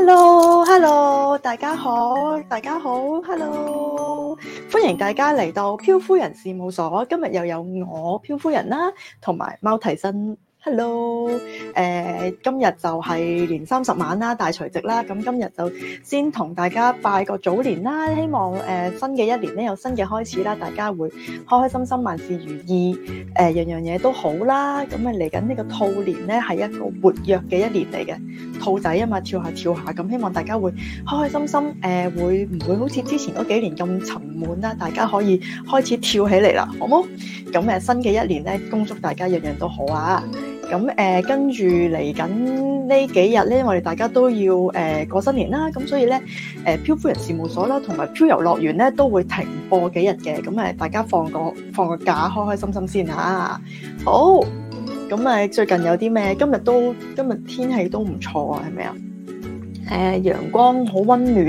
Hello，Hello，Hello，大家好，大家好，Hello，歡迎大家嚟到飄夫人事務所，今日又有我飄夫人啦，同埋貓提身。hello，誒、呃、今日就係年三十晚啦，大除夕啦，咁今日就先同大家拜個早年啦，希望誒、呃、新嘅一年咧有新嘅開始啦，大家會開開心心，萬事如意，誒、呃、樣樣嘢都好啦，咁誒嚟緊呢個兔年咧係一個活躍嘅一年嚟嘅，兔仔啊嘛跳下跳下，咁希望大家會開開心心，誒、呃、會唔會好似之前嗰幾年咁沉悶啦？大家可以開始跳起嚟啦，好冇？咁誒新嘅一年咧，恭祝大家樣樣都好啊！咁誒跟住嚟緊呢幾日咧，我哋大家都要誒、呃、過新年啦，咁所以咧誒、呃、漂夫人事務所啦，同埋漂遊樂園咧都會停播幾日嘅，咁誒大家放個放個假，開開心心先嚇。好，咁誒最近有啲咩？今日都今日天，天氣都唔錯啊，係咪啊？誒、呃、陽光好温暖，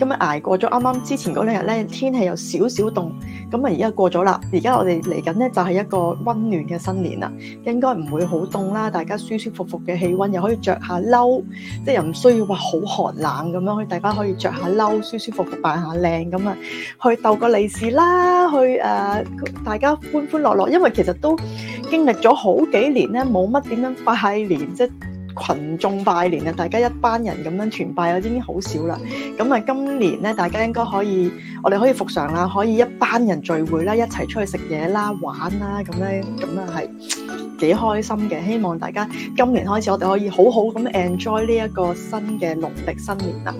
今日捱過咗啱啱之前嗰兩日咧，天氣有少少凍。咁啊，而家過咗啦！而家我哋嚟緊呢，就係一個温暖嘅新年啦，應該唔會好凍啦，大家舒舒服服嘅氣温，又可以着下褸，即係又唔需要話好寒冷咁樣，可以大家可以着下褸，舒舒服服扮下靚咁啊，去逗個利是啦，去誒、呃、大家歡歡樂樂，因為其實都經歷咗好幾年咧，冇乜點樣拜年即群眾拜年啊！大家一班人咁樣團拜，已經好少啦。咁啊，今年咧，大家應該可以，我哋可以復常啦，可以一班人聚會啦，一齊出去食嘢啦、玩啦，咁咧，咁啊，係幾開心嘅。希望大家今年開始，我哋可以好好咁 enjoy 呢一個新嘅農曆新年啦！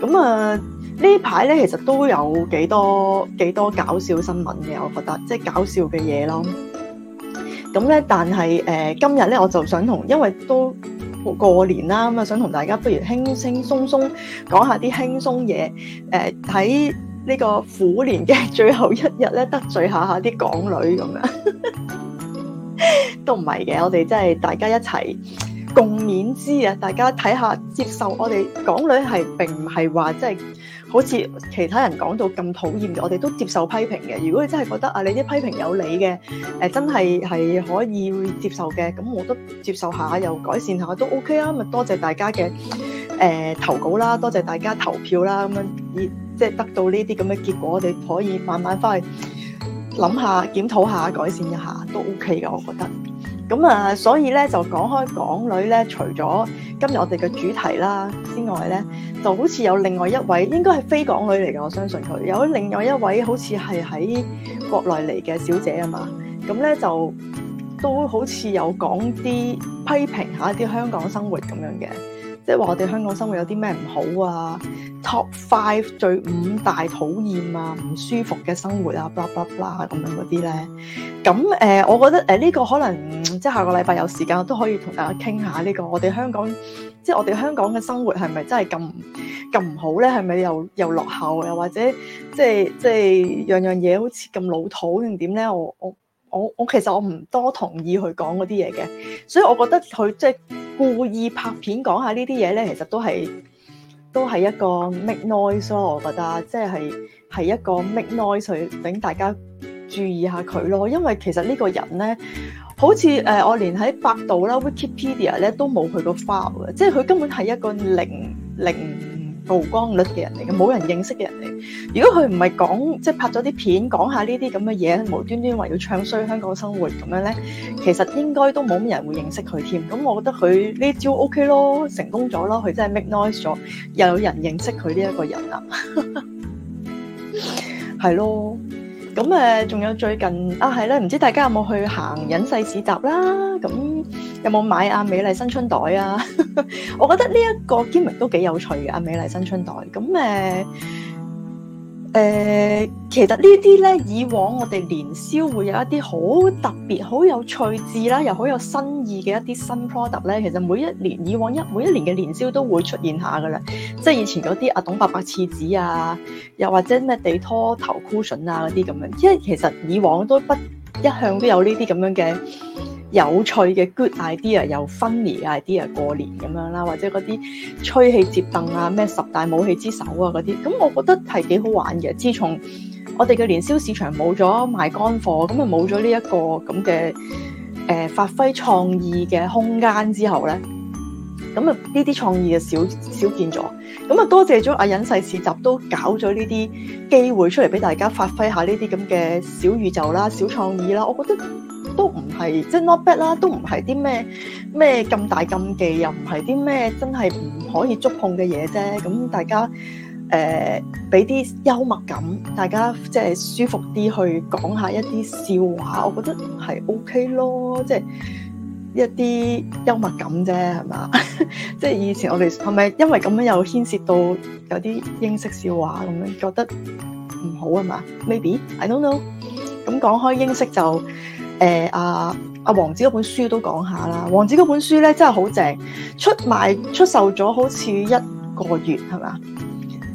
咁啊，呢排咧，其實都有幾多幾多搞笑新聞嘅，我覺得，即係搞笑嘅嘢咯。咁咧，但係誒，今日咧我就想同，因為都過年啦，咁啊，想同大家不如輕輕鬆鬆講下啲輕鬆嘢，誒喺呢個虎年嘅最後一日咧，得罪下下啲港女咁樣，都唔係嘅，我哋真係大家一齊共勉之啊！大家睇下接受我哋港女係並唔係話即係。好似其他人講到咁討厭嘅，我哋都接受批評嘅。如果你真係覺得啊，你啲批評有理嘅，誒真係係可以接受嘅，咁我都接受下，又改善下都 OK 啊。咪多謝大家嘅誒投稿啦，多謝大家投票啦，咁樣以即係得到呢啲咁嘅結果，我哋可以慢慢翻去諗下、檢討下、改善一下都 OK 嘅，我覺得。咁啊，所以咧就講開港女咧，除咗今日我哋嘅主題啦之外咧，就好似有另外一位應該係非港女嚟嘅，我相信佢有另外一位好似係喺國內嚟嘅小姐啊嘛。咁咧就都好似有講啲批評一下一啲香港生活咁樣嘅。即係話我哋香港生活有啲咩唔好啊？Top Five 最五大討厭啊，唔、啊、舒服嘅生活啊，blah b l a b l a 咁樣嗰啲咧。咁誒、呃，我覺得誒呢個可能、嗯、即係下個禮拜有時間，我都可以同大家傾下呢、這個我哋香港，即係我哋香港嘅生活係咪真係咁咁唔好咧？係咪又又落後，又或者即係即係樣樣嘢好似咁老土定點咧？我我。我我其實我唔多同意佢講嗰啲嘢嘅，所以我覺得佢即係故意拍片講下呢啲嘢咧，其實都係都係一個 make noise 咯。我覺得即係係一個 make noise 去等大家注意下佢咯。因為其實呢個人咧，好似誒、呃、我連喺百度啦、Wikipedia 咧都冇佢個 file，即係佢根本係一個零零曝光率嘅人嚟嘅，冇人認識嘅人嚟。如果佢唔係講，即係拍咗啲片講下呢啲咁嘅嘢，無端端話要唱衰香港生活咁樣咧，其實應該都冇乜人會認識佢添。咁我覺得佢呢招 OK 咯，成功咗咯，佢真係 make noise 咗，又有人認識佢呢一個人喇，係咯。咁誒，仲有最近啊，係啦，唔知大家有冇去行隱世市集啦咁。有冇買啊，美麗新春袋啊？ 我覺得呢一個堅名都幾有趣嘅啊，美麗新春袋。咁誒誒，其實呢啲咧，以往我哋年宵會有一啲好特別、好有趣致啦，又好有新意嘅一啲新 product 咧。其實每一年以往一每一年嘅年宵都會出現下㗎喇。即係以前嗰啲阿董伯伯廁紙啊，又或者咩地拖頭 cushion 啊嗰啲咁樣。因為其實以往都不。一向都有呢啲咁樣嘅有趣嘅 good idea，又 funny idea 過年咁樣啦，或者嗰啲吹氣折凳啊，咩十大武器之首啊嗰啲，咁我覺得係幾好玩嘅。自從我哋嘅年宵市場冇咗賣乾貨，咁啊冇咗呢一個咁嘅誒發揮創意嘅空間之後咧。咁啊，呢啲創意就少少見咗。咁啊，多謝咗阿隱世市集都搞咗呢啲機會出嚟俾大家發揮下呢啲咁嘅小宇宙啦、小創意啦。我覺得都唔係即係 not bad 啦，都唔係啲咩咩咁大禁忌，又唔係啲咩真係唔可以觸碰嘅嘢啫。咁大家誒俾啲幽默感，大家即係舒服啲去講下一啲笑話，我覺得係 OK 咯，即係。一啲幽默感啫，係嘛？ 即係以前我哋係咪因為咁樣又牽涉到有啲英式笑話咁樣，覺得唔好係嘛？Maybe I don't know，嗯。咁講開英式就誒阿阿王子嗰本書都講下啦。王子嗰本書咧真係好正，出賣出售咗好似一個月係嘛？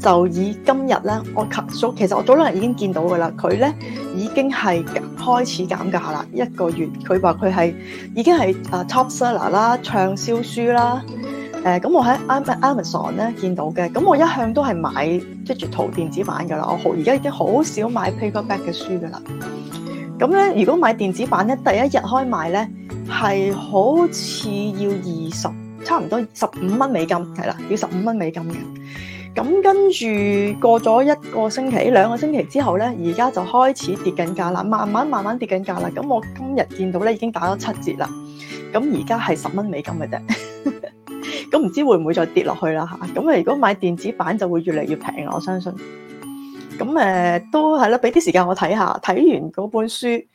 就以今日咧，我及早，其實我早兩日已經見到嘅啦。佢咧已經係開始減價啦。一個月，佢話佢係已經係啊 top seller 啦，暢銷書啦。誒、呃，咁我喺 Amazon 咧見到嘅。咁我一向都係買 digital 電子版嘅啦。我好而家已經好少買 Paperback 嘅書嘅啦。咁咧，如果買電子版咧，第一日開賣咧，係好似要二十，差唔多十五蚊美金，係啦，要十五蚊美金嘅。咁跟住過咗一個星期、兩個星期之後咧，而家就開始跌緊價啦，慢慢慢慢跌緊價啦。咁我今日見到咧已經打咗七折啦，咁而家係十蚊美金嘅啫。咁 唔知會唔會再跌落去啦？嚇，咁啊，如果買電子版就會越嚟越平，我相信。咁誒、呃、都係啦，俾啲時間我睇下，睇完嗰本書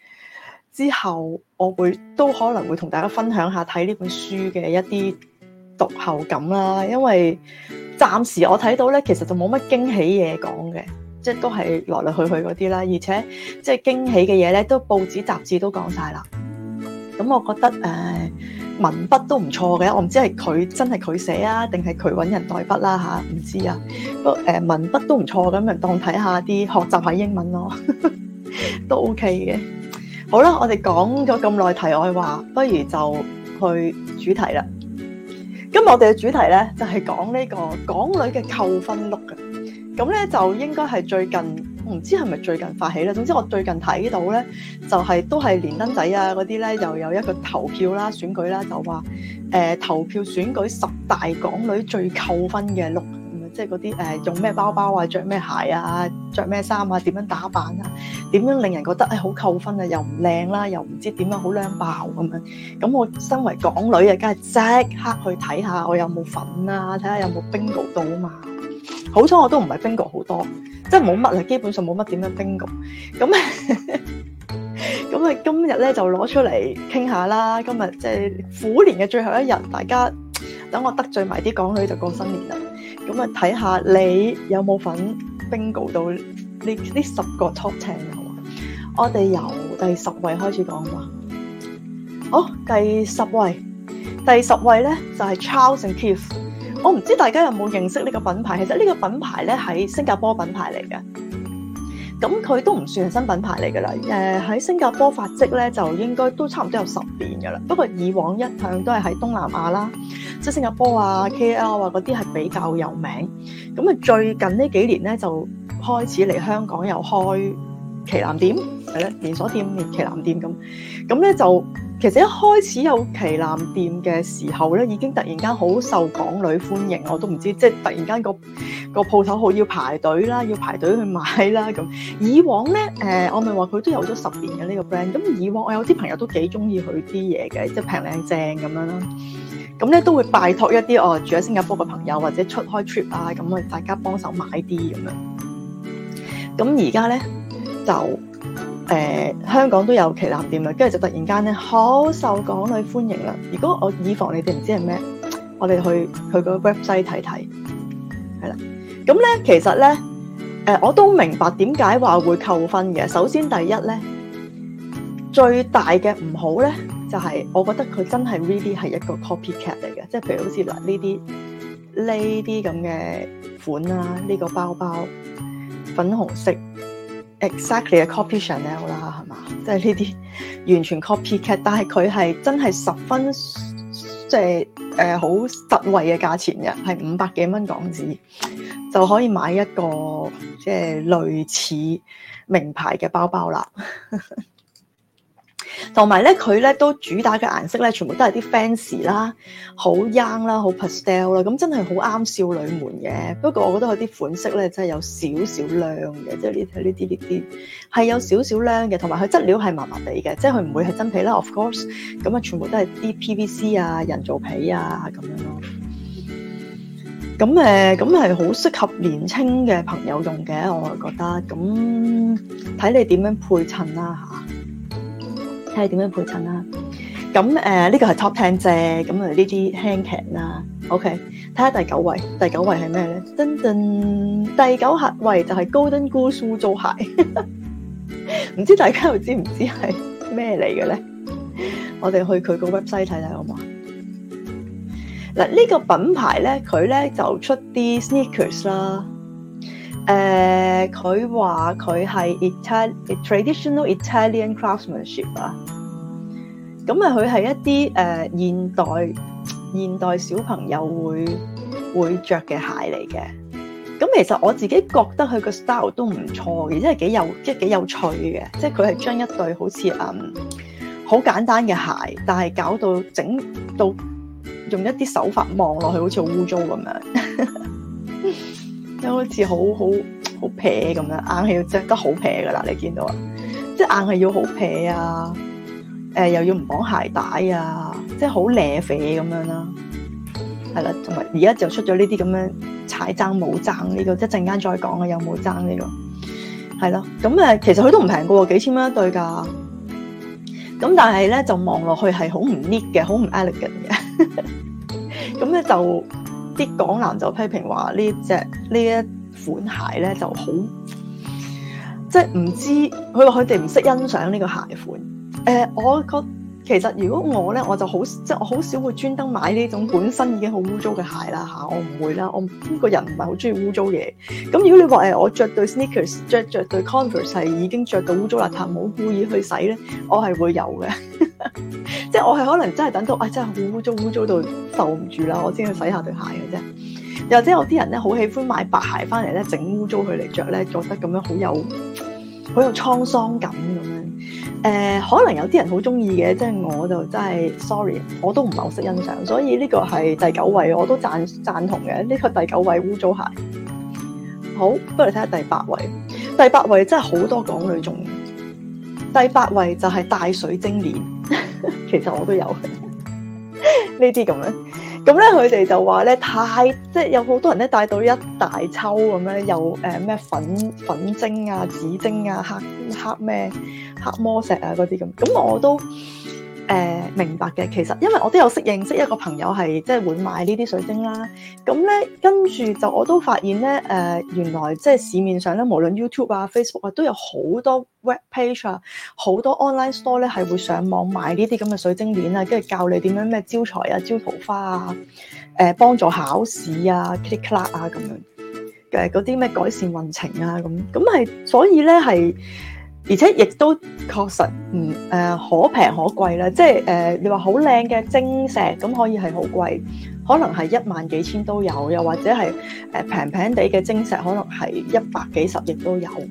之後，我會都可能會同大家分享下睇呢本書嘅一啲讀後感啦，因為。暫時我睇到咧，其實就冇乜驚喜嘢講嘅，即係都係來來去去嗰啲啦。而且即係驚喜嘅嘢咧，都報紙雜誌都講晒啦。咁、嗯、我覺得誒、呃、文筆都唔錯嘅，我唔知係佢真係佢寫啊，定係佢揾人代筆啦、啊、吓，唔、啊、知啊。不過、呃、文筆都唔錯咁，咪當睇下啲學習下英文咯， 都 OK 嘅。好啦，我哋講咗咁耐題外話，不如就去主題啦。今日我哋嘅主題咧就係、是、講呢、這個港女嘅扣分 look 嘅，咁咧就應該係最近，唔知係咪最近發起咧。總之我最近睇到咧，就係、是、都係連登仔啊嗰啲咧，又有一個投票啦選舉啦，就話誒、呃、投票選舉十大港女最扣分嘅 look。即係嗰啲誒，用咩包包啊，着咩鞋啊，着咩衫啊，點樣打扮啊？點樣令人覺得誒好、哎、扣分啊？又唔靚啦，又唔知點樣好靚爆咁、啊、樣。咁我身為港女看看有有啊，梗係即刻去睇下我有冇粉啦，睇下有冇 bingo 到啊嘛。好彩我都唔係 bingo 好多，即係冇乜啊，基本上冇乜點樣 bingo。咁咁啊，今日咧就攞出嚟傾下啦。今日即係虎年嘅最後一日，大家等我得罪埋啲港女就過新年啦。咁啊，睇下你有冇份 Bingo 到你呢十個 top ten 啊！我哋由第十位開始講話。好、哦，第十位，第十位咧就係、是、Charles and Keith。我唔知大家有冇認識呢個品牌，其實呢個品牌咧喺新加坡品牌嚟嘅。咁佢都唔算係新品牌嚟㗎啦，誒、呃、喺新加坡發跡咧，就應該都差唔多有十年㗎啦。不過以往一向都係喺東南亞啦，即係新加坡啊、KL 啊嗰啲係比較有名。咁啊，最近呢幾年咧就開始嚟香港又開旗艦店，係啦，連鎖店旗艦店咁，咁咧就。其實一開始有旗艦店嘅時候咧，已經突然間好受港女歡迎，我都唔知，即係突然間個個鋪頭好要排隊啦，要排隊去買啦咁。以往咧，誒、呃、我咪話佢都有咗十年嘅、啊、呢、呢個 brand 咁以往我有啲朋友都幾中意佢啲嘢嘅，即係平靚正咁樣啦。咁咧都會拜託一啲我、哦、住喺新加坡嘅朋友或者出開 trip 啊，咁啊大家幫手買啲咁樣。咁而家咧就。誒、呃、香港都有旗艦店啦，跟住就突然間咧好受港女歡迎啦。如果我以防你哋唔知係咩，我哋去去個 website 睇睇，係啦。咁、嗯、咧其實咧誒、呃、我都明白點解話會扣分嘅。首先第一咧，最大嘅唔好咧就係、是、我覺得佢真係 really 係一個 copycat 嚟嘅，即係譬如好似嗱呢啲呢啲咁嘅款啦，呢、這個包包粉紅色。Exactly 嘅 Cop chan、right? copy Chanel 啦，係嘛？即係呢啲完全 copycat，但係佢係真係十分即係誒好實惠嘅價錢嘅，係五百幾蚊港紙就可以買一個即係類似名牌嘅包包啦。 同埋咧，佢咧都主打嘅顏色咧，全部都係啲 fancy 啦，好 young 啦，好 pastel 啦，咁真係好啱少女們嘅。不過我覺得佢啲款式咧，真係有少少靚嘅，即係呢呢啲呢啲係有少少靚嘅。同埋佢質料係麻麻地嘅，即係佢唔會係真皮啦。Of course，咁啊，全部都係啲 PVC 啊、人造皮啊咁樣咯。咁誒，咁係好適合年輕嘅朋友用嘅，我覺得。咁睇你點樣配襯啦、啊、嚇。係點樣配襯啦？咁誒，呢、呃呢個係 Top Ten 啫。咁啊，呢啲輕騎啦，OK。睇下第九位，第九位係咩咧？噔噔，第九客位就係 Golden Goose 做鞋，唔 知大家又知唔知係咩嚟嘅咧？我哋去佢個 website 睇睇好唔好？嗱，呢、呢個品牌咧，佢咧就出啲 sneakers 啦。誒佢話佢係 Traditional Italian craftsmanship 啊，咁啊佢係一啲誒、呃、現代現代小朋友會會著嘅鞋嚟嘅。咁、嗯、其實我自己覺得佢個 style 都唔錯，而且係幾有即係幾有趣嘅。即係佢係將一對好似嗯好簡單嘅鞋，但係搞到整到用一啲手法望落去好似污糟咁樣。 就好似好好好撇咁樣，硬係要着得好撇噶啦！你見到、呃、啊，即係硬係要好撇啊，誒又要唔綁鞋帶啊，即係好靚肥咁樣啦，係啦，同埋而家就出咗呢啲咁樣踩踭冇踭呢個，一陣間再講啊，有冇踭呢個？係啦，咁、嗯、誒其實佢都唔平噶，幾千蚊一對噶，咁、嗯、但係咧就望落去係好唔 neat 嘅，好唔 elegant 嘅，咁 咧、嗯、就。啲港男就批評話呢隻呢一款鞋咧就好，即係唔知佢話佢哋唔識欣賞呢個鞋款。誒、呃，我覺。其實如果我咧，我就好，即係我好少會專登買呢種本身已經好污糟嘅鞋啦嚇、啊，我唔會啦，我個人唔係好中意污糟嘢。咁如果你話誒、哎，我着對 sneakers，着著對 Converse 係已經着到污糟邋遢，冇故意去洗咧，我係會有嘅， 即係我係可能真係等到啊、哎、真係好污糟，污糟到受唔住啦，我先去洗下對鞋嘅啫。又或者有啲人咧，好喜歡買白鞋翻嚟咧，整污糟佢嚟着咧，覺得咁樣好有。好有滄桑感咁樣，誒、呃，可能有啲人好中意嘅，即係我就真係 sorry，我都唔係好識欣賞，所以呢個係第九位，我都贊贊同嘅，呢、這個第九位污糟鞋。好，不如睇下第八位，第八位真係好多港女中意，第八位就係大水晶鏈， 其實我都有呢啲咁樣。咁咧，佢哋就話咧，太即係有好多人咧帶到一大抽咁樣，有誒咩粉粉晶啊、紫晶啊、黑黑咩黑魔石啊嗰啲咁，咁我都。誒、呃、明白嘅，其實因為我都有識認識一個朋友係即係會買呢啲水晶啦，咁咧跟住就我都發現咧，誒、呃、原來即係市面上咧，無論 YouTube 啊、Facebook 啊，都有好多 web page 啊，好多 online store 咧係會上網買呢啲咁嘅水晶鏈啊，跟住教你點樣咩招財啊、招桃花啊、誒、呃、幫助考試啊、click click 啊咁樣，啊、樣，誒嗰啲咩改善運程啊咁，咁係所以咧係。而且亦都確實唔誒、嗯呃、可平可貴啦，即係誒、呃、你話好靚嘅晶石咁，可以係好貴。可能係一萬幾千都有，又或者係誒平平地嘅晶石，可能係一百幾十億都有咁。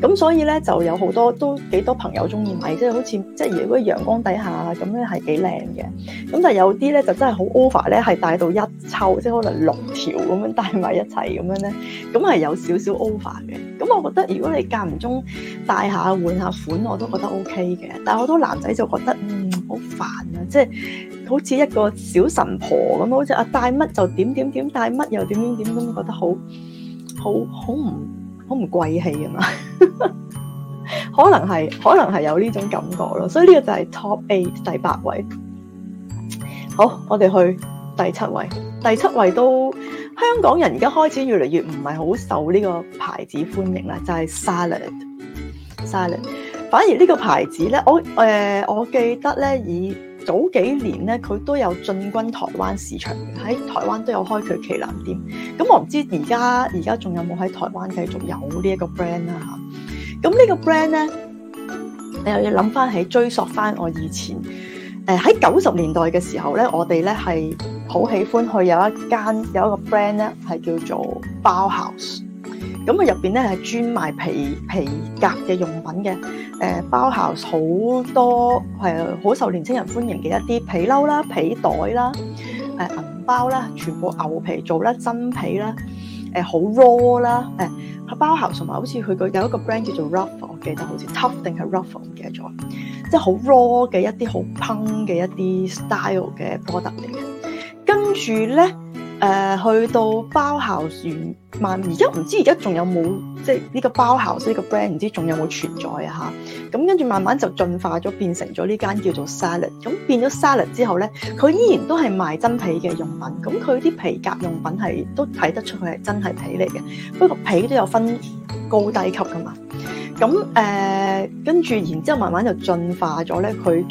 咁所以咧就有好多都幾多朋友中意買，即係好似即係如果陽光底下咁咧係幾靚嘅。咁但係有啲咧就真係好 over 咧，係戴到一抽，即係可能六條咁樣戴埋一齊咁樣咧，咁係有少少 over 嘅。咁我覺得如果你間唔中戴下換下款，我都覺得 OK 嘅。但係好多男仔就覺得嗯好煩啊，即係。好似一個小神婆咁，好似啊，帶乜就點點點，帶乜又點點點，咁覺得好好好唔好唔貴氣啊？ 可能係可能係有呢種感覺咯，所以呢個就係 top eight 第八位。好，我哋去第七位，第七位都香港人而家開始越嚟越唔係好受呢個牌子歡迎啦，就係、是、salad salad。反而呢個牌子咧，我誒、呃、我記得咧以。早幾年咧，佢都有進軍台灣市場，喺台灣都有開佢旗艦店。咁我唔知而家而家仲有冇喺台灣繼續有、啊、呢一個 brand 啦嚇。咁呢個 brand 咧，你又要諗翻起追溯翻我以前，誒喺九十年代嘅時候咧，我哋咧係好喜歡去有一間有一個 brand 咧，係叫做包 house。咁佢入邊咧係專賣皮皮革嘅用品嘅，誒、呃、包豪好多係好、呃、受年青人歡迎嘅一啲皮褸啦、皮袋啦、誒、呃、銀包啦，全部牛皮做啦、真皮啦，誒、呃、好 raw 啦，誒、呃、包豪同埋好似佢個有一個 brand 叫做 Rough，我記得好似 Tough 定係 Rough 唔記得咗，即係好 raw 嘅一啲好 punk 嘅一啲 style 嘅 product 嚟嘅，跟住咧。誒、呃、去到包浩斯萬，而家唔知而家仲有冇即係呢個包浩斯呢個 brand 唔知仲有冇存在啊嚇？咁跟住慢慢就進化咗，變成咗呢間叫做 Salad、嗯。咁變咗 Salad 之後咧，佢依然都係賣真皮嘅用品。咁佢啲皮革用品係都睇得出佢係真係皮嚟嘅。不過皮都有分高低級噶嘛。咁誒、跟住然之後慢慢就進化咗咧，佢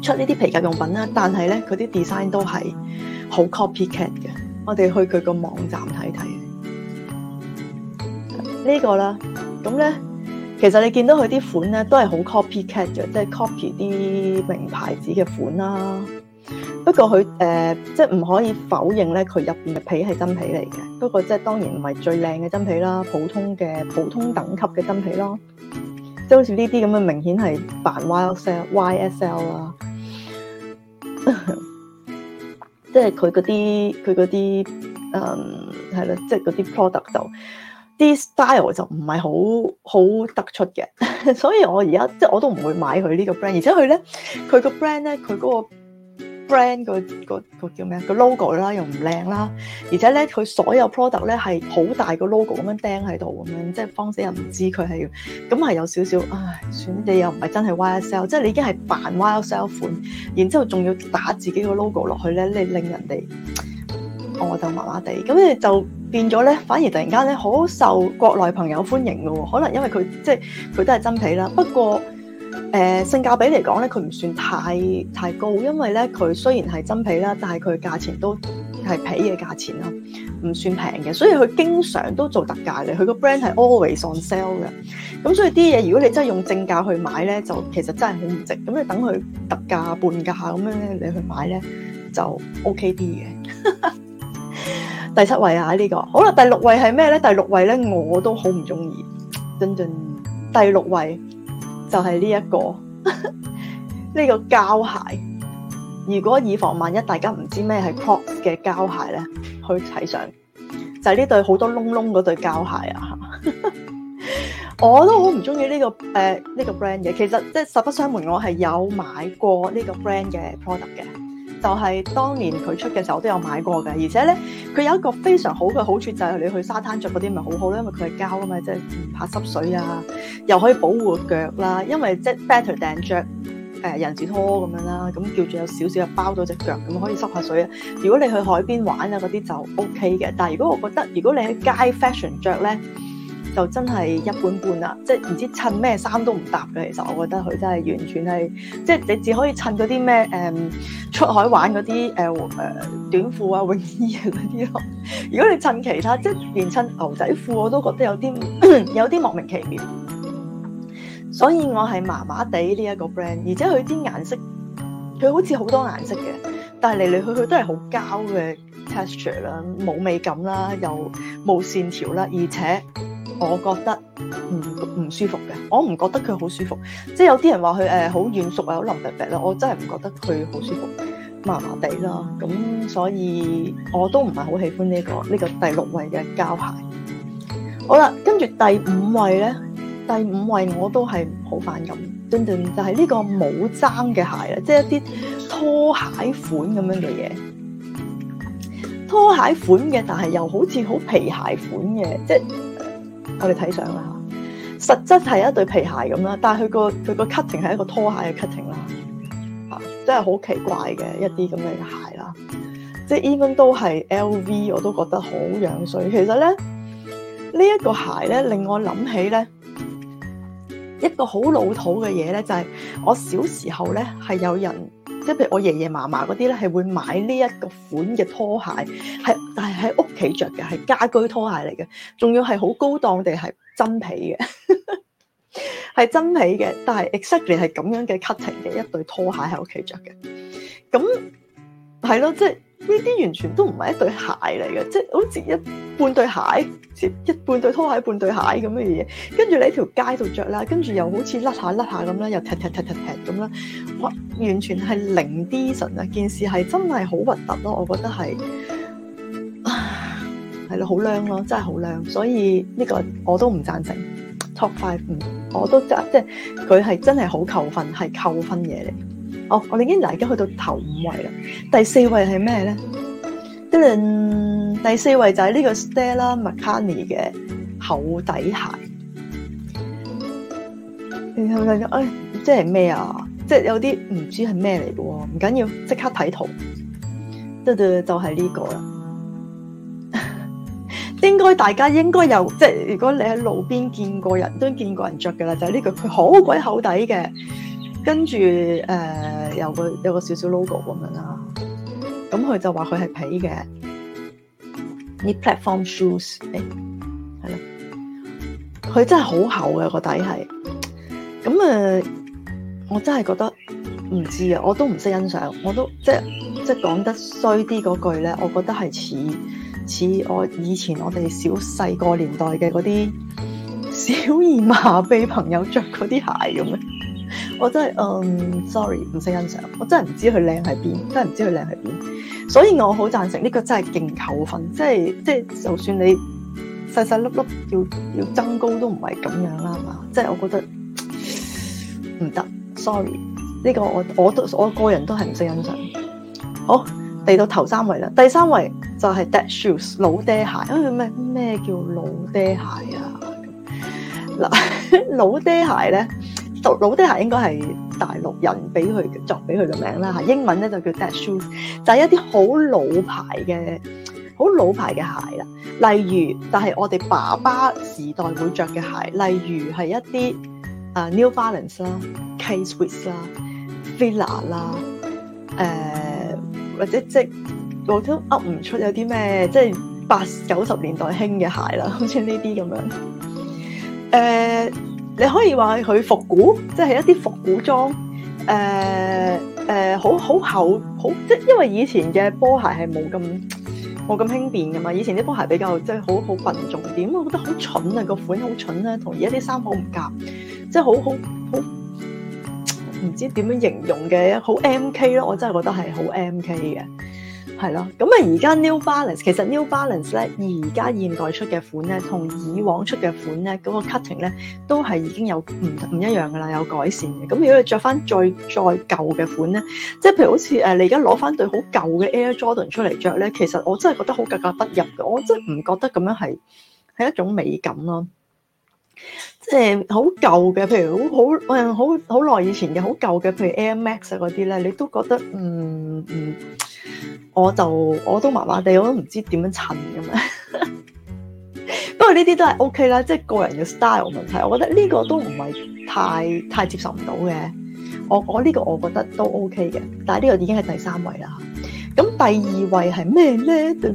出呢啲皮革用品啦，但係咧佢啲 design 都係。好 copycat 嘅，我哋去佢個網站睇睇，這個、呢個啦，咁咧，其實你見到佢啲款咧，都係好 copycat 嘅，即係 copy 啲名牌子嘅款啦。不過佢誒，即係唔可以否認咧，佢入邊嘅皮係真皮嚟嘅。不過即係當然唔係最靚嘅真皮啦，普通嘅普，普通等級嘅真皮咯。即係好似呢啲咁嘅明顯係扮 YSL 啊。 即係佢嗰啲佢嗰啲誒係啦，即係嗰啲 product 就啲 style 就唔係好好突出嘅， 所以我而家即係我都唔會買佢呢個 brand，而且佢咧佢個 brand 咧佢嗰個。brand 個個叫咩啊？個 logo 啦，又唔靚啦，而且咧佢所有 product 咧係好大個 logo 咁樣釘喺度咁樣，即係慌死又唔知佢係咁，係有少少唉，算你又唔係真係 YSL 即係你已經係扮 YSL 款，然之後仲要打自己個 logo 落去咧，你令人哋我就麻麻地，咁你就變咗咧，反而突然間咧好受國內朋友歡迎噶喎，可能因為佢即係佢都係真皮啦，不過。誒、呃，性價比嚟講咧，佢唔算太太高，因為咧佢雖然係真皮啦，但係佢價錢都係皮嘅價錢啦，唔算平嘅，所以佢經常都做特價咧，佢個 brand 係 always on sale 嘅，咁所以啲嘢，如果你真係用正價去買咧，就其實真係好唔值，咁你等佢特價半價咁樣咧，你去買咧就 OK 啲嘅。 第七位啊，呢、這個，好啦，第六位係咩咧？第六位咧，我都好唔中意，第六位。就係呢一個呢 個膠鞋，如果以防萬一大家唔知咩係 Crocs 嘅膠鞋咧，去睇上，就係、是、呢對好多窿窿嗰對膠鞋啊！ 我都好唔中意呢個誒呢、呃這個 brand 嘅，其實即係實不相瞞，我係有買過呢個 brand 嘅 product 嘅。就係當年佢出嘅時候，我都有買過嘅，而且咧佢有一個非常好嘅好處就係、是、你去沙灘着嗰啲咪好好咯，因為佢係膠啊嘛，即係唔怕濕水啊，又可以保護腳啦、啊，因為即係 better than 着 a、呃、人字拖咁樣啦、啊，咁叫做有少少嘅包到隻腳咁，可以濕下水。啊。如果你去海邊玩啊嗰啲就 OK 嘅，但係如果我覺得如果你喺街 fashion 着咧。就真係一般般啦，即係唔知襯咩衫都唔搭嘅。其實我覺得佢真係完全係，即係你只可以襯嗰啲咩，誒出海玩嗰啲誒誒短褲啊、泳衣啊嗰啲咯。如果你襯其他，即係連襯牛仔褲，我都覺得有啲有啲莫名其妙。所以我係麻麻地呢一個 brand，而且佢啲顏色佢好似好多顏色嘅，但係嚟嚟去去都係好膠嘅 texture 啦，冇美感啦，又冇線條啦，而且。我覺得唔唔舒服嘅，我唔覺得佢好舒服。即係有啲人話佢誒好軟熟啊，好腍啤啤啦，我真係唔覺得佢好舒服，麻麻地啦。咁所以我都唔係好喜歡呢、這個呢、這個第六位嘅膠鞋。好啦，跟住第五位咧，第五位我都係好反感。等等就係、是、呢個冇踭嘅鞋啦，即、就、係、是、一啲拖鞋款咁樣嘅嘢，拖鞋款嘅，但係又好似好皮鞋款嘅，即係。我哋睇相啦嚇，實質係一對皮鞋咁啦，但係佢個佢個 cutting 係一個拖鞋嘅 cutting 啦，啊，真係好奇怪嘅一啲咁樣嘅鞋啦，即係 even 都係 LV 我都覺得好樣衰。其實咧，這個、呢，呢一個鞋咧令我諗起咧一個好老土嘅嘢咧，就係、是、我小時候咧係有人。即係譬如我爺爺嫲嫲嗰啲咧，係會買呢一個款嘅拖鞋，係但係喺屋企着嘅係家居拖鞋嚟嘅，仲要係好高檔地，係真皮嘅，係 真皮嘅，但係 exactly 係咁樣嘅 cutting 嘅一對拖鞋喺屋企着嘅，咁係咯，即係。就是呢啲完全都唔係一對鞋嚟嘅，即係好似一半對鞋接一半對拖鞋、半對鞋咁嘅嘢，跟住你喺條街度着啦，跟住又好似甩下甩下咁咧，又踢踢踢踢踢咁啦，哇！完全係零啲神啊，件事係真係好核突咯，我覺得係啊，係咯，好靚咯，真係好靚，所以呢個我都唔贊成。Top five，我都即係佢係真係好扣分，係扣分嘢嚟。哦，oh, 我哋已經嚟緊去到頭五位啦。第四位係咩咧？第四位就係呢個 Stella McCartney 嘅厚底鞋。然後就誒、哎，即係咩啊？即係有啲唔知係咩嚟嘅喎。唔緊要，即刻睇圖。嘟嘟，就係呢個啦。應該大家應該有，即係如果你喺路邊見過人都見過人着嘅啦，就係呢個，佢好鬼厚底嘅。跟住誒、呃、有個有個小小 logo 咁樣啦，咁佢就話佢係皮嘅，new platform shoes，誒係咯，佢真係好厚嘅個底係，咁誒我真係覺得唔知啊，我都唔識欣賞，我都即係即係講得衰啲嗰句咧，我覺得係似似我以前我哋小細個年代嘅嗰啲小兒麻痹朋友着嗰啲鞋咁樣。我真係嗯，um，sorry，唔識欣賞，我真係唔知佢靚喺邊，真係唔知佢靚喺邊。所以我好贊成呢、呢個真係勁扣分，即係即係，就算你細細粒粒要要增高都唔係咁樣啦，係嘛？即係我覺得唔得，sorry，呢、呢個我我都我個人都係唔識欣賞。好，嚟到頭三位啦，第三位就係 dad shoes 老爹鞋，咩、哎、咩叫老爹鞋啊？嗱， 老爹鞋咧。老的鞋應該係大陸人俾佢作俾佢嘅名啦嚇，英文咧就叫 dad shoes，就係一啲好老牌嘅好老牌嘅鞋啦。例如，就係我哋爸爸時代會着嘅鞋，例如係一啲啊、uh, New Balance 啦、K Swiss 啦、Villa 啦，誒、呃、或者即、就是、我都噏唔出有啲咩即八九十年代興嘅鞋啦，好似呢啲咁樣誒。呃你可以話佢復古，即係一啲復古裝，誒、呃、誒、呃，好好厚，好即係因為以前嘅波鞋係冇咁冇咁輕便噶嘛，以前啲波鞋比較即係好好笨重點，我覺得好蠢啊、這個款好蠢啦，同而家啲衫好唔夾，即係好好好唔知點樣形容嘅，好 M K 咯，我真係覺得係好 M K 嘅。係咯，咁啊而家 New Balance 其實 New Balance 咧而家現，現代出嘅款咧，同以往出嘅款咧，嗰個 cutting 咧都係已經有唔唔一樣噶啦，有改善嘅。咁如果你着翻再再舊嘅款咧，即係譬如好似誒你而家攞翻對好舊嘅 Air Jordan 出嚟着咧，其實我真係覺得好格格不入，我真係唔覺得咁樣係係一種美感咯。即係好舊嘅，譬如好好好好耐以前嘅好舊嘅，譬如 Air Max 嗰啲咧，你都覺得唔。嗯。嗯我就我都麻麻地，我都唔知點樣襯咁樣。不過呢啲都係 OK 啦，即係個人嘅 style 問題。我覺得呢個都唔係太太接受唔到嘅。我我呢個我覺得都 OK 嘅。但係呢個已經係第三位啦。咁第二位係咩咧？就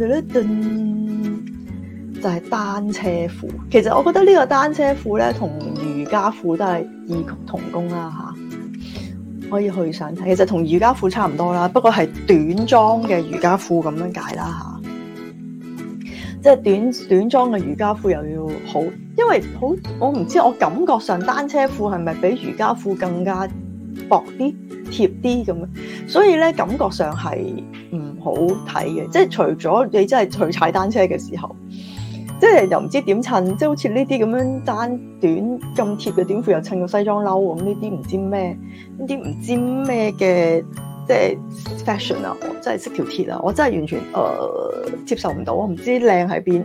係、是、單車褲。其實我覺得呢個單車褲咧，同瑜伽褲都係異曲同工啦、啊、吓。可以去上睇，其實同瑜伽褲差唔多啦，不過係短裝嘅瑜伽褲咁樣解啦吓，即係短短裝嘅瑜伽褲又要好，因為好我唔知我感覺上單車褲係咪比瑜伽褲更加薄啲貼啲咁樣，所以咧感覺上係唔好睇嘅，即係除咗你真係去踩單車嘅時候。即係又唔知點襯，即係好似呢啲咁樣單短咁貼嘅短褲又襯個西裝褸咁，呢啲唔知咩，呢啲唔知咩嘅，即係 fashion 啊，我真係識條鐵啊，我真係完全誒、呃、接受唔到，我唔知靚喺邊，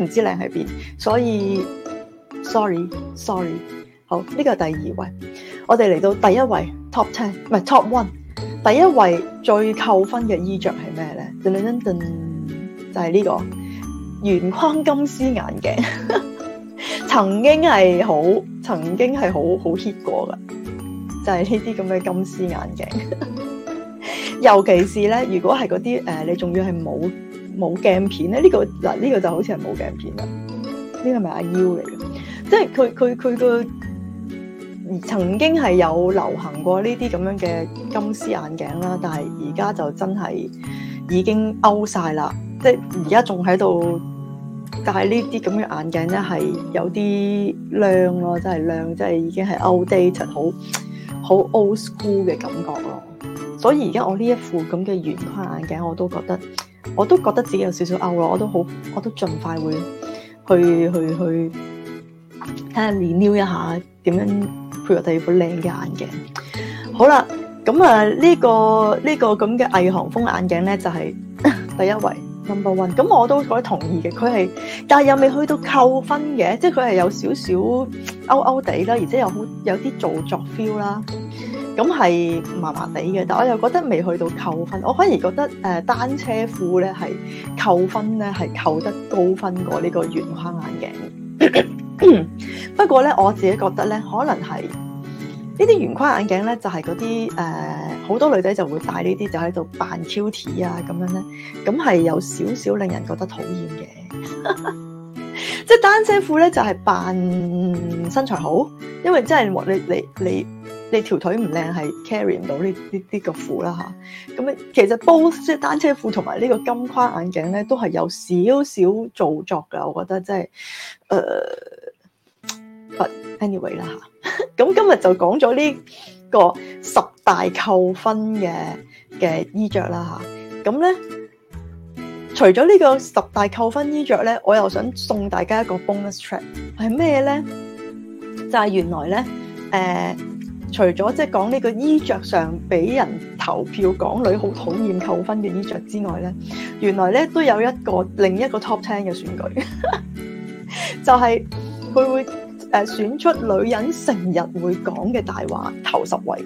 唔知靚喺邊，所以 sorry sorry，好呢、呢個係第二位，我哋嚟到第一位 top ten 唔係 top one，第一位最扣分嘅衣著係咩咧？噔噔噔，就係、是、呢、呢個。圓框金絲眼鏡， 曾經係、就是 呃這個這個、好、這個是是，曾經係好好 hit 過噶，就係呢啲咁嘅金絲眼鏡。尤其是咧，如果係嗰啲誒，你仲要係冇冇鏡片咧？呢個嗱，呢個就好似係冇鏡片啦。呢個咪阿 U 嚟嘅，即係佢佢佢個曾經係有流行過呢啲咁樣嘅金絲眼鏡啦，但係而家就真係。已經 out 晒啦，即係而家仲喺度，但係呢啲咁嘅眼鏡咧係有啲靚咯，真係靚，真係已經係 outdated，好好 old school 嘅感覺咯。所以而家我呢一副咁嘅圓框眼鏡，我都覺得，我都覺得自己有少少 out 咯，我都好，我都盡快會去去去睇下 renew 一下，點樣配我第二副靚嘅眼鏡。好啦。咁啊，呢個呢個咁嘅偽韓風眼鏡咧，就係第一位 number one。咁我都可以同意嘅，佢係，但係又未去到扣分嘅，即係佢係有少少歐歐地啦，而且又好有啲做作 feel 啦。咁係麻麻地嘅，但我又覺得未去到扣分。我反而覺得誒、呃，單車褲咧係扣分咧係扣得高分過呢個圓框眼鏡。 不過咧，我自己覺得咧，可能係。呢啲圓框眼鏡咧，就係嗰啲誒好多女仔就會戴呢啲，就喺度扮 cute 啊，咁樣咧，咁係有少少令人覺得討厭嘅。即 單車褲咧就係、是、扮身材好，因為真係你你你你條腿唔靚係 carry 唔到呢呢呢個褲啦吓，咁啊、嗯，其實 both 即單車褲同埋呢個金框眼鏡咧，都係有少少造作嘅，我覺得真係誒。呃 Anyway 啦吓，咁今日就講咗呢個十大扣分嘅嘅衣着啦吓，咁咧除咗呢個十大扣分衣着咧，我又想送大家一個 bonus track 係咩咧？就係、是、原來咧，誒、呃，除咗即係講呢個衣着上俾人投票港女好討厭扣分嘅衣着之外咧，原來咧都有一個另一個 top ten 嘅選舉， 就係佢會。誒，選出女人成日會講嘅大話頭十位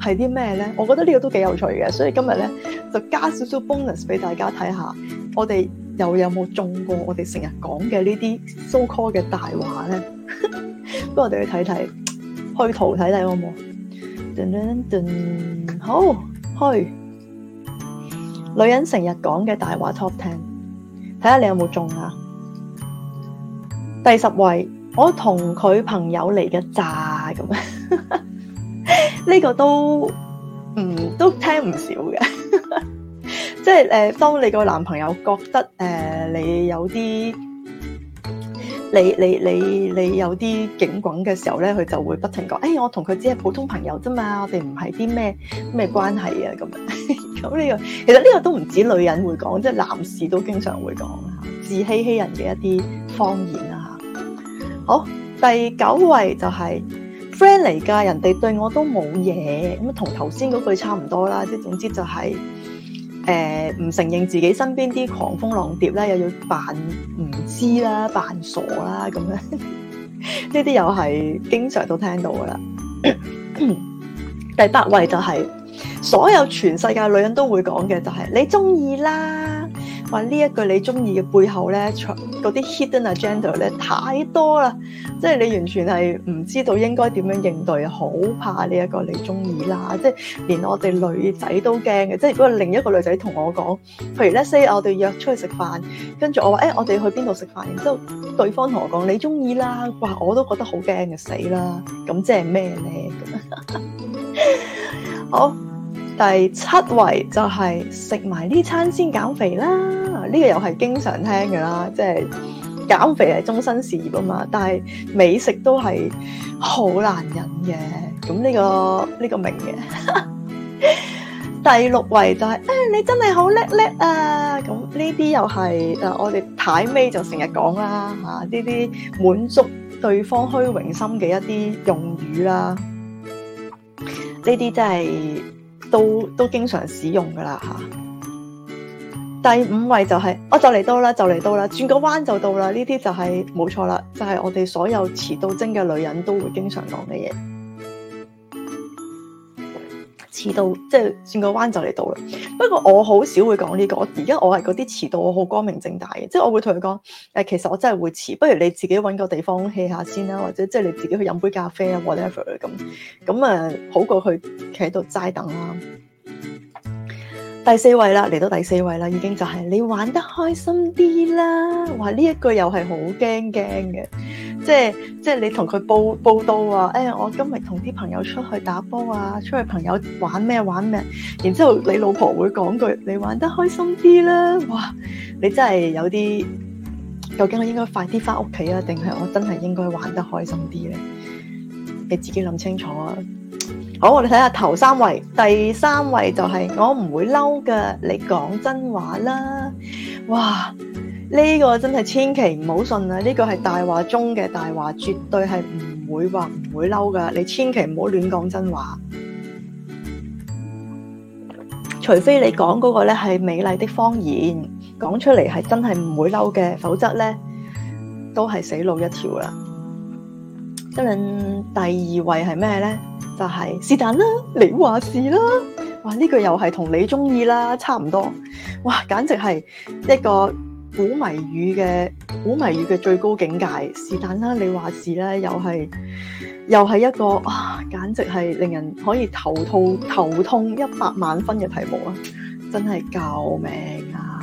係啲咩咧？我覺得呢個都幾有趣嘅，所以今日咧就加少少 bonus 俾大家睇下，我哋又有冇中過我哋成日講嘅、so、呢啲 so call 嘅大話咧？ 不過我哋去睇睇，去圖睇睇好唔好？噔女人成日講嘅大話 top ten，睇下你有冇中啊？第十位。我同佢朋友嚟嘅咋咁啊？呢、這個都唔都聽唔少嘅，即係誒，當你個男朋友覺得誒、呃、你有啲你你你你有啲勁滾嘅時候咧，佢就會不停講：誒、哎，我同佢只係普通朋友啫嘛，我哋唔係啲咩咩關係啊咁樣。咁呢個其實呢個都唔止女人會講，即係男士都經常會講自欺欺人嘅一啲謊言啊。好，oh, 第九位就係、是、friend 嚟噶，人哋對我都冇嘢，咁同頭先嗰句差唔多啦，即係總之就係、是、誒，唔、呃、承認自己身邊啲狂蜂浪蝶啦，又要扮唔知啦，扮傻啦，咁樣呢啲 又係經常都聽到噶啦。 第八位就係、是、所有全世界女人都會講嘅，就係、是、你中意啦。話呢一句你中意嘅背後咧，嗰啲 hidden agenda 咧太多啦，即係你完全係唔知道應該點樣應對，好怕呢一個你中意啦，即係連我哋女仔都驚嘅，即係如果另一個女仔同我講，譬如咧 say 我哋約出去食飯，跟住我話，誒我哋去邊度食飯，然之後對方同我講你中意啦，哇我都覺得好驚嘅死啦，咁即係咩咧？ 好。第七位就係食埋呢餐先減肥啦，呢、這個又係經常聽㗎啦，即係減肥係終身事業啊嘛。但係美食都係好難忍嘅，咁、這、呢個呢、這個明嘅。 第六位就係、是、誒、哎、你真係好叻叻啊！咁呢啲又係誒我哋太尾就成日講啦嚇，呢啲滿足對方虛榮心嘅一啲用語啦，呢啲真係。都都經常使用噶啦吓，第五位就係哦，我就嚟到啦，就嚟到啦，轉個彎就到啦，呢啲就係、是、冇錯啦，就係、是、我哋所有遲到症嘅女人都會經常講嘅嘢。遲到即係轉個彎就嚟到啦。不過我好少會講呢個。而家我係嗰啲遲到，我好光明正大嘅，即係我會同佢講，誒其實我真係會遲，不如你自己揾個地方 hea 下先啦，或者即係你自己去飲杯咖啡啊，whatever 咁。咁啊，好過去企喺度齋等啦。第四位啦，嚟到第四位啦，已經就係、是、你玩得開心啲啦。哇，呢一句又係好驚驚嘅，即係即係你同佢報報道啊，誒、哎，我今日同啲朋友出去打波啊，出去朋友玩咩玩咩，然之後你老婆會講句你玩得開心啲啦。哇，你真係有啲，究竟我應該快啲返屋企啊，定係我真係應該玩得開心啲咧？你自己諗清楚啊！好，我哋睇下頭三位，第三位就係、是、我唔會嬲嘅，你講真話啦。哇，呢、這個真係千祈唔好信啊！呢個係大話中嘅大話，絕對係唔會話唔會嬲㗎。你千祈唔好亂講真話，除非你講嗰個咧係美麗的謊言，講出嚟係真係唔會嬲嘅，否則呢都係死路一條啦。咁樣第二位係咩呢？就係是但啦，你話事啦，哇！呢句又係同你中意啦，差唔多，哇！簡直係一個古謎語嘅古謎語嘅最高境界，是但啦，你話事咧，又係又係一個啊！簡直係令人可以頭痛頭痛一百萬分嘅題目啊！真係救命啊！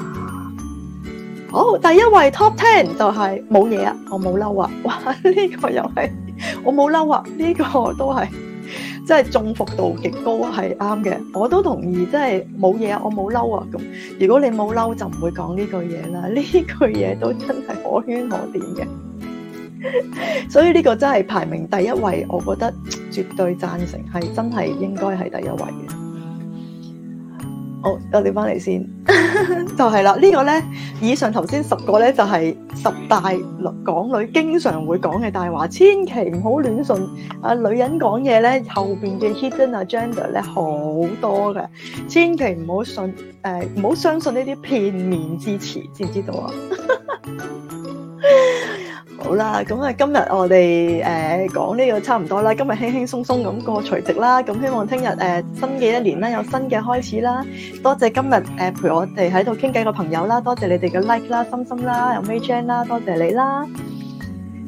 好，第一位 Top Ten 就係冇嘢啊，我冇嬲啊，哇！呢個又係我冇嬲啊，呢個都係。真係中伏度極高係啱嘅，我都同意。真係冇嘢，我冇嬲啊！咁如果你冇嬲，就唔會講呢句嘢啦。呢句嘢都真係可圈可點嘅， 所以呢個真係排名第一位，我覺得絕對贊成，係真係應該係第一位嘅。Oh, 我等你翻嚟先， 就係啦。這個、呢個咧，以上頭先十個咧，就係、是、十大港女經常會講嘅大話，千祈唔好亂信。啊，女人講嘢咧，後邊嘅 hidden agenda 咧好多嘅，千祈唔好信，誒、呃，唔好相信呢啲片面之詞，知唔知道啊？ 好啦，咁啊，今日我哋誒講呢個差唔多啦，今日輕輕鬆鬆咁過除夕啦，咁、嗯、希望聽日誒新嘅一年咧有新嘅開始啦，多謝今日誒、呃、陪我哋喺度傾偈嘅朋友啦，多謝你哋嘅 like 啦、心心啦、有咩 change 啦，多謝你啦。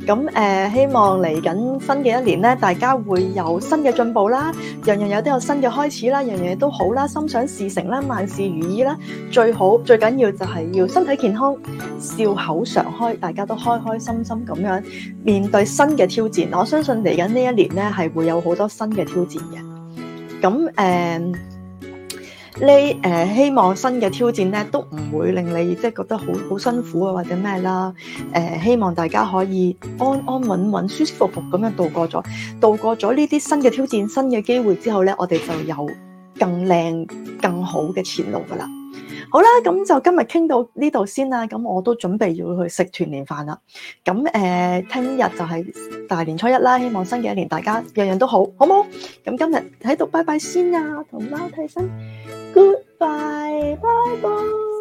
咁誒、呃，希望嚟緊新嘅一年咧，大家會有新嘅進步啦，樣樣有都有新嘅開始啦，樣樣嘢都好啦，心想事成啦，萬事如意啦，最好最緊要就係要身體健康，笑口常開，大家都開開心心咁樣面對新嘅挑戰。我相信嚟緊呢一年咧，係會有好多新嘅挑戰嘅。咁誒。呃你、呃、希望新嘅挑戰咧，都唔會令你即係覺得好好辛苦，啊，或者咩啦？呃、希望大家可以安安穩穩，舒舒服服咁樣度過咗，度過咗呢啲新嘅挑戰，新嘅機會之後呢，我哋就有更靚更好嘅前路啦～好啦，咁就今日傾到呢度先啦，咁我都準備要去食團年飯啦。咁誒，聽日就係大年初一啦，希望新嘅一年大家樣樣都好，好唔好？咁今日喺度拜拜先啊，同貓替身 goodbye 拜拜。Goodbye, Bye, Bye.